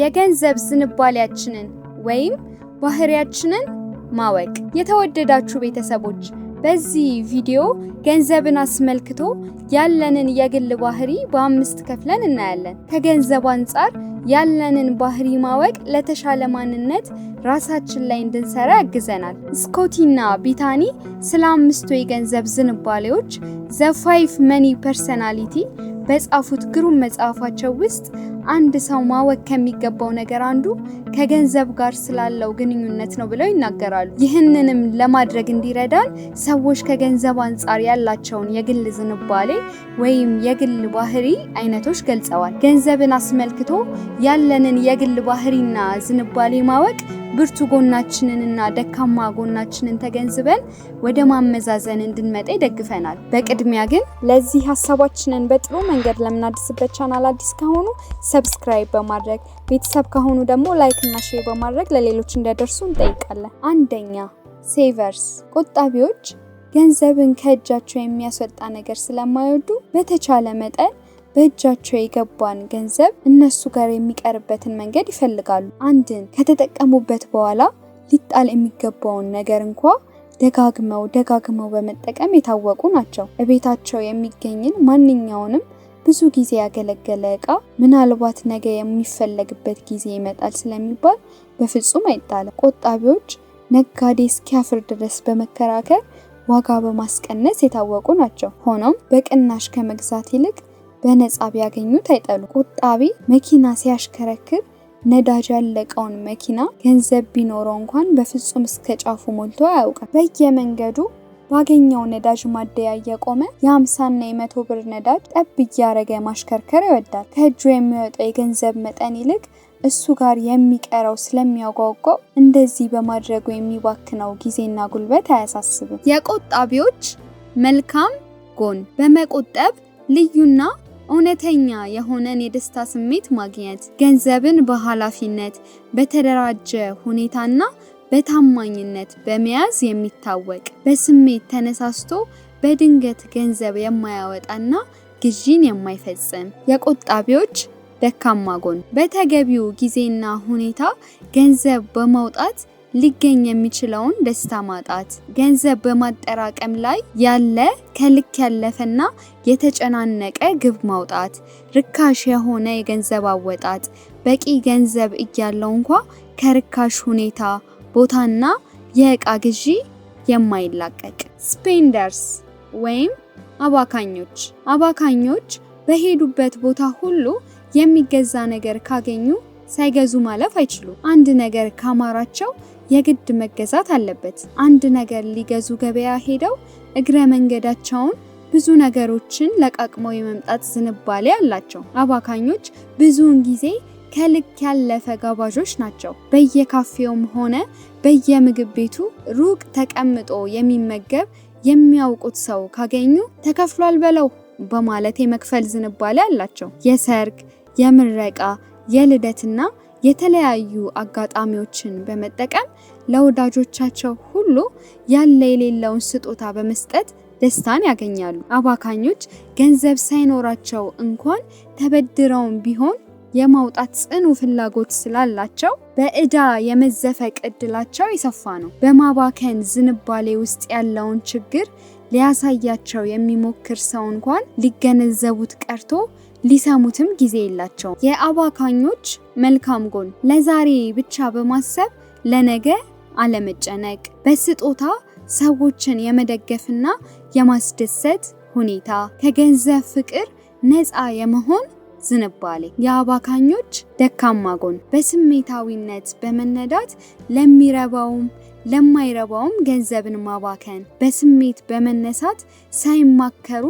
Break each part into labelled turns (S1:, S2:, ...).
S1: የገንዘብ ዝንባሌያችንን ወይም ባህሪያችንን ማወቅ። የተወደዳችሁ ቤተሰቦች በዚህ ቪዲዮ ገንዘብን አስመልክቶ ያለንን የግል ባህሪ በአምስት ከፍለን እናያለን። ከገንዘብ አንጻር ያለንን ባህሪ ማወቅ ለተሻለ ማንነት ራሳችን ላይ እንድንሰራ ያግዘናል። ስኮቲና ቢታኒ ስለ አምስቱ የገንዘብ ዝንባሌዎች ዘ ፋይቭ መኒ ፐርሰናሊቲ በጻፉት ግሩም መጽሐፋቸው ውስጥ አንድ ሰው ማወቅ ከሚገባው ነገር አንዱ ከገንዘብ ጋር ስላለው ግንኙነት ነው ብለው ይናገራሉ። ይህንንም ለማድረግ እንዲረዳን ሰዎች ከገንዘብ አንጻር ያላቸውን የግል ዝንባሌ ወይም የግል ባህሪ አይነቶች ገልጸዋል። ገንዘብን አስመልክቶ ያለንን የግል ባህሪና ዝንባሌ ማወቅ ብርቱ ጎናችንንና ደካማ ጎናችንን ተገንዝበን ወደ ማመዛዘን እንድንመጣ ይደግፈናል። በቅድሚያ ግን ለዚህ ሀሳባችንን በጥሩ መንገድ ለምናድስበት ቻናል አዲስ ከሆኑ ሰብስክራይብ በማድረግ ቤተሰብ ከሆኑ ደግሞ ላይክ እና ሼር በማድረግ ለሌሎች እንዲያደርሱ እንጠይቃለን። አንደኛ ሴቨርስ ቆጣቢዎች ገንዘብን ከእጃቸው የሚያስወጣ ነገር ስለማይወዱ በተቻለ መጠን በእጃቸው የገባን ገንዘብ እነሱ ጋር የሚቀርበትን መንገድ ይፈልጋሉ። አንድን ከተጠቀሙበት በኋላ ሊጣል የሚገባውን ነገር እንኳ ደጋግመው ደጋግመው በመጠቀም የታወቁ ናቸው። እቤታቸው የሚገኝን ማንኛውንም ብዙ ጊዜ ያገለገለ እቃ ምናልባት ነገ የሚፈለግበት ጊዜ ይመጣል ስለሚባል በፍጹም አይጣልም። ቆጣቢዎች ነጋዴ እስኪያፍር ድረስ በመከራከር ዋጋ በማስቀነስ የታወቁ ናቸው። ሆኖም በቅናሽ ከመግዛት ይልቅ በነጻ ቢያገኙት አይጠሉም። ቆጣቢ መኪና ሲያሽከረክር ነዳጅ ያለቀውን መኪና ገንዘብ ቢኖረው እንኳን በፍጹም እስከ ጫፉ ሞልቶ አያውቅም። በየመንገዱ ባገኘው ነዳጅ ማደያ እየቆመ የ5ም0ና የ የመቶ ብር ነዳጅ ጠብ እያረገ ማሽከርከር ይወዳል። ከእጁ የሚወጣው የገንዘብ መጠን ይልቅ እሱ ጋር የሚቀረው ስለሚያጓጓው እንደዚህ በማድረጉ የሚባክነው ጊዜና ጉልበት አያሳስብም። የቆጣቢዎች መልካም ጎን በመቆጠብ ልዩና እውነተኛ የሆነን የደስታ ስሜት ማግኘት ገንዘብን በኃላፊነት በተደራጀ ሁኔታና በታማኝነት በመያዝ የሚታወቅ በስሜት ተነሳስቶ በድንገት ገንዘብ የማያወጣና ግዢን የማይፈጽም የቆጣቢዎች ደካማ ጎን በተገቢው ጊዜና ሁኔታ ገንዘብ በማውጣት ሊገኝ የሚችለውን ደስታ ማጣት፣ ገንዘብ በማጠራቀም ላይ ያለ ከልክ ያለፈና የተጨናነቀ ግብ ማውጣት፣ ርካሽ የሆነ የገንዘብ አወጣጥ፣ በቂ ገንዘብ እያለው እንኳ ከርካሽ ሁኔታ ቦታና የእቃ ግዢ የማይላቀቅ፣ ስፔንደርስ ወይም አባካኞች። አባካኞች በሄዱበት ቦታ ሁሉ የሚገዛ ነገር ካገኙ ሳይገዙ ማለፍ አይችሉም። አንድ ነገር ካማራቸው የግድ መገዛት አለበት። አንድ ነገር ሊገዙ ገበያ ሄደው እግረ መንገዳቸውን ብዙ ነገሮችን ለቃቅመው የመምጣት ዝንባሌ አላቸው። አባካኞች ብዙውን ጊዜ ከልክ ያለፈ ጋባዦች ናቸው። በየካፌውም ሆነ በየምግብ ቤቱ ሩቅ ተቀምጦ የሚመገብ የሚያውቁት ሰው ካገኙ ተከፍሏል በለው በማለት የመክፈል ዝንባሌ አላቸው። የሰርግ፣ የምረቃ፣ የልደትና የተለያዩ አጋጣሚዎችን በመጠቀም ለወዳጆቻቸው ሁሉ ያለ የሌለውን ስጦታ በመስጠት ደስታን ያገኛሉ። አባካኞች ገንዘብ ሳይኖራቸው እንኳን ተበድረውም ቢሆን የማውጣት ጽኑ ፍላጎት ስላላቸው በእዳ የመዘፈቅ እድላቸው የሰፋ ነው። በማባከን ዝንባሌ ውስጥ ያለውን ችግር ሊያሳያቸው የሚሞክር ሰው እንኳን ሊገነዘቡት ቀርቶ ሊሰሙትም ጊዜ የላቸውም። የአባካኞች መልካም ጎን ለዛሬ ብቻ በማሰብ ለነገ አለመጨነቅ፣ በስጦታ ሰዎችን የመደገፍና የማስደሰት ሁኔታ፣ ከገንዘብ ፍቅር ነፃ የመሆን ዝንባሌ። የአባካኞች ደካማ ጎን በስሜታዊነት በመነዳት ለሚረባውም ለማይረባውም ገንዘብን ማባከን፣ በስሜት በመነሳት ሳይማከሩ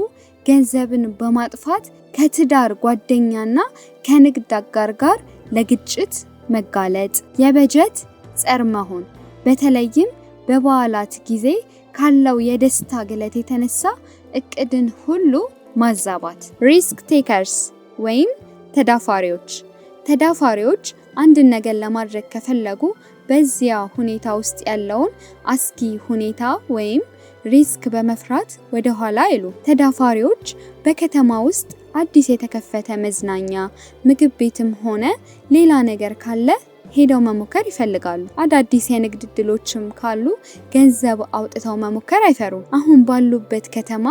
S1: ገንዘብን በማጥፋት ከትዳር ጓደኛና ከንግድ አጋር ጋር ለግጭት መጋለጥ፣ የበጀት ጸር መሆን በተለይም በበዓላት ጊዜ ካለው የደስታ ግለት የተነሳ እቅድን ሁሉ ማዛባት። ሪስክ ቴከርስ ወይም ተዳፋሪዎች። ተዳፋሪዎች አንድን ነገር ለማድረግ ከፈለጉ በዚያ ሁኔታ ውስጥ ያለውን አስኪ ሁኔታ ወይም ሪስክ በመፍራት ወደ ኋላ አይሉ። ተዳፋሪዎች በከተማ ውስጥ አዲስ የተከፈተ መዝናኛ፣ ምግብ ቤትም ሆነ ሌላ ነገር ካለ ሄደው መሞከር ይፈልጋሉ። አዳዲስ የንግድ እድሎችም ካሉ ገንዘብ አውጥተው መሞከር አይፈሩም። አሁን ባሉበት ከተማ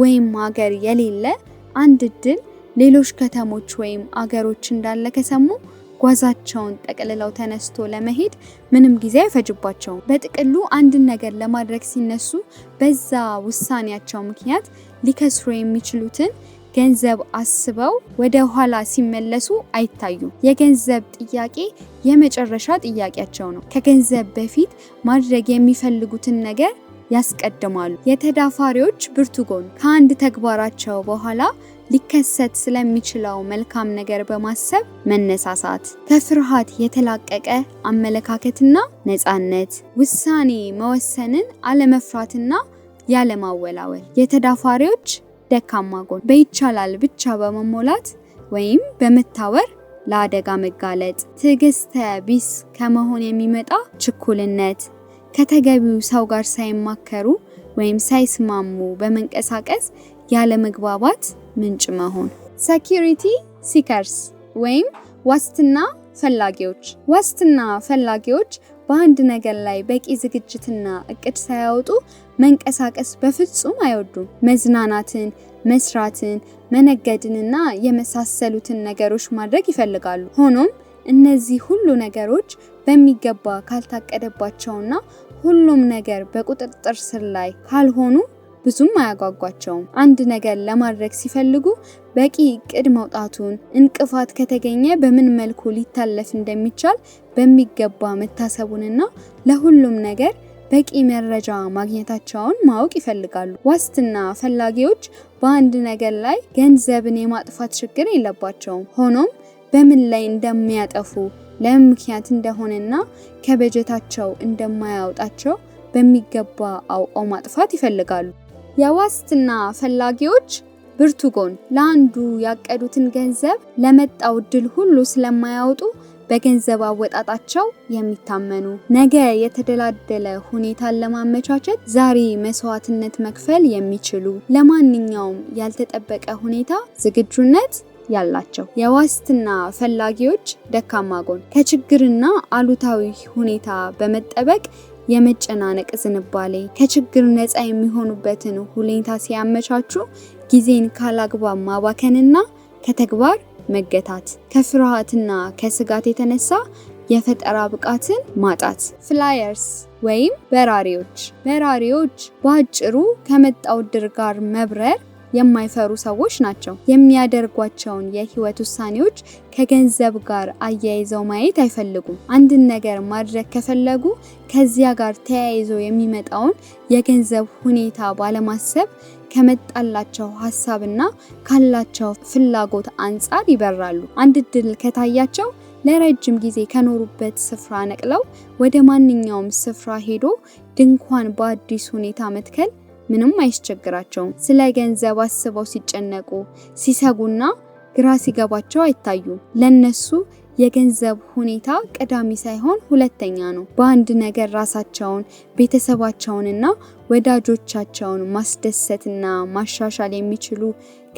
S1: ወይም ሀገር የሌለ አንድ እድል ሌሎች ከተሞች ወይም አገሮች እንዳለ ከሰሙ ጓዛቸውን ጠቅልለው ተነስቶ ለመሄድ ምንም ጊዜ አይፈጅባቸውም። በጥቅሉ አንድን ነገር ለማድረግ ሲነሱ በዛ ውሳኔያቸው ምክንያት ሊከስሩ የሚችሉትን ገንዘብ አስበው ወደ ኋላ ሲመለሱ አይታዩም። የገንዘብ ጥያቄ የመጨረሻ ጥያቄያቸው ነው። ከገንዘብ በፊት ማድረግ የሚፈልጉትን ነገር ያስቀድማሉ። የተዳፋሪዎች ብርቱ ጎን ከአንድ ተግባራቸው በኋላ ሊከሰት ስለሚችለው መልካም ነገር በማሰብ መነሳሳት፣ ከፍርሃት የተላቀቀ አመለካከትና ነጻነት፣ ውሳኔ መወሰንን አለመፍራትና ያለማወላወል የተዳፋሪዎች ደካማ ጎን በይቻላል ብቻ በመሞላት ወይም በመታወር ለአደጋ መጋለጥ፣ ትዕግስተ ቢስ ከመሆን የሚመጣ ችኩልነት፣ ከተገቢው ሰው ጋር ሳይማከሩ ወይም ሳይስማሙ በመንቀሳቀስ ያለ መግባባት ምንጭ መሆን። ሴኪሪቲ ሲከርስ ወይም ዋስትና ፈላጊዎች ዋስትና ፈላጊዎች በአንድ ነገር ላይ በቂ ዝግጅትና እቅድ ሳያወጡ መንቀሳቀስ በፍጹም አይወዱም። መዝናናትን፣ መስራትን፣ መነገድንና የመሳሰሉትን ነገሮች ማድረግ ይፈልጋሉ። ሆኖም እነዚህ ሁሉ ነገሮች በሚገባ ካልታቀደባቸውና ሁሉም ነገር በቁጥጥር ስር ላይ ካልሆኑ ብዙም አያጓጓቸውም። አንድ ነገር ለማድረግ ሲፈልጉ በቂ እቅድ መውጣቱን፣ እንቅፋት ከተገኘ በምን መልኩ ሊታለፍ እንደሚቻል በሚገባ መታሰቡንና ለሁሉም ነገር በቂ መረጃ ማግኘታቸውን ማወቅ ይፈልጋሉ። ዋስትና ፈላጊዎች በአንድ ነገር ላይ ገንዘብን የማጥፋት ችግር የለባቸውም። ሆኖም በምን ላይ እንደሚያጠፉ ለምን ምክንያት እንደሆነና ከበጀታቸው እንደማያወጣቸው በሚገባ አውቀው ማጥፋት ይፈልጋሉ። የዋስትና ፈላጊዎች ብርቱ ጎን ለአንዱ ያቀዱትን ገንዘብ ለመጣው እድል ሁሉ ስለማያወጡ በገንዘብ አወጣጣቸው የሚታመኑ ነገ የተደላደለ ሁኔታን ለማመቻቸት ዛሬ መስዋዕትነት መክፈል የሚችሉ ለማንኛውም ያልተጠበቀ ሁኔታ ዝግጁነት ያላቸው የዋስትና ፈላጊዎች ደካማ ጎን ከችግርና አሉታዊ ሁኔታ በመጠበቅ የመጨናነቅ ዝንባሌ ከችግር ነፃ የሚሆኑበትን ሁኔታ ሲያመቻቹ ጊዜን ካላግባብ ማባከንና ከተግባር መገታት፣ ከፍርሃትና ከስጋት የተነሳ የፈጠራ ብቃትን ማጣት። ፍላየርስ ወይም በራሪዎች። በራሪዎች በአጭሩ ከመጣው ድር ጋር መብረር የማይፈሩ ሰዎች ናቸው። የሚያደርጓቸውን የህይወት ውሳኔዎች ከገንዘብ ጋር አያይዘው ማየት አይፈልጉም። አንድን ነገር ማድረግ ከፈለጉ ከዚያ ጋር ተያይዞ የሚመጣውን የገንዘብ ሁኔታ ባለማሰብ ከመጣላቸው ሀሳብና ካላቸው ፍላጎት አንጻር ይበራሉ። አንድ እድል ከታያቸው ለረጅም ጊዜ ከኖሩበት ስፍራ ነቅለው ወደ ማንኛውም ስፍራ ሄዶ ድንኳን በአዲስ ሁኔታ መትከል ምንም አይስቸግራቸውም። ስለ ገንዘብ አስበው ሲጨነቁ ሲሰጉና ግራ ሲገባቸው አይታዩም። ለነሱ የገንዘብ ሁኔታ ቀዳሚ ሳይሆን ሁለተኛ ነው። በአንድ ነገር ራሳቸውን፣ ቤተሰባቸውንና ወዳጆቻቸውን ማስደሰትና ማሻሻል የሚችሉ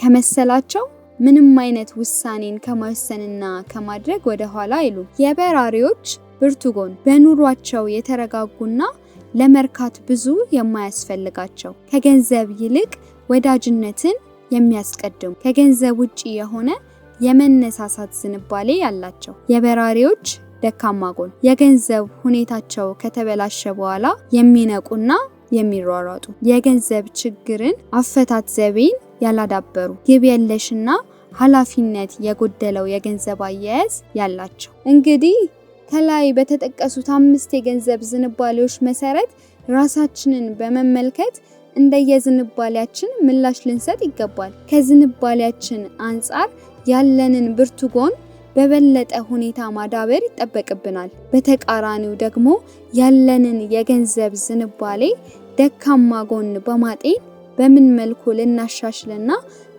S1: ከመሰላቸው ምንም አይነት ውሳኔን ከመወሰንና ከማድረግ ወደ ኋላ አይሉ። የበራሪዎች ብርቱ ጎን በኑሯቸው የተረጋጉና ለመርካት ብዙ የማያስፈልጋቸው ከገንዘብ ይልቅ ወዳጅነትን የሚያስቀድሙ ከገንዘብ ውጪ የሆነ የመነሳሳት ዝንባሌ ያላቸው የበራሪዎች ደካማ ጎን የገንዘብ ሁኔታቸው ከተበላሸ በኋላ የሚነቁና የሚሯሯጡ የገንዘብ ችግርን አፈታት ዘቤን ያላዳበሩ ግብ የለሽና ኃላፊነት የጎደለው የገንዘብ አያያዝ ያላቸው እንግዲህ ከላይ በተጠቀሱት አምስት የገንዘብ ዝንባሌዎች መሰረት ራሳችንን በመመልከት እንደየዝንባሌያችን ምላሽ ልንሰጥ ይገባል። ከዝንባሌያችን አንጻር ያለንን ብርቱ ጎን በበለጠ ሁኔታ ማዳበር ይጠበቅብናል። በተቃራኒው ደግሞ ያለንን የገንዘብ ዝንባሌ ደካማ ጎን በማጤን በምን መልኩ ልናሻሽልና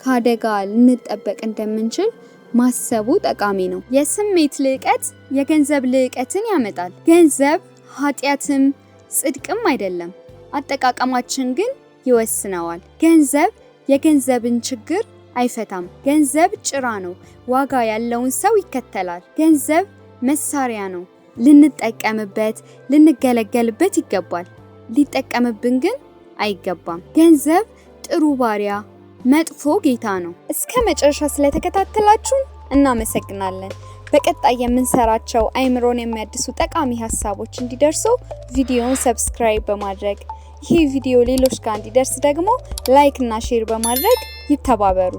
S1: ከአደጋ ልንጠበቅ እንደምንችል ማሰቡ ጠቃሚ ነው። የስሜት ልዕቀት የገንዘብ ልዕቀትን ያመጣል። ገንዘብ ኃጢአትም ጽድቅም አይደለም፣ አጠቃቀማችን ግን ይወስነዋል። ገንዘብ የገንዘብን ችግር አይፈታም። ገንዘብ ጭራ ነው፣ ዋጋ ያለውን ሰው ይከተላል። ገንዘብ መሳሪያ ነው፣ ልንጠቀምበት ልንገለገልበት ይገባል። ሊጠቀምብን ግን አይገባም። ገንዘብ ጥሩ ባሪያ መጥፎ ጌታ ነው። እስከ መጨረሻ ስለተከታተላችሁን እናመሰግናለን። በቀጣይ የምንሰራቸው አይምሮን የሚያድሱ ጠቃሚ ሀሳቦች እንዲደርሱ ቪዲዮውን ሰብስክራይብ በማድረግ ይህ ቪዲዮ ሌሎች ጋር እንዲደርስ ደግሞ ላይክ እና ሼር በማድረግ ይተባበሩ።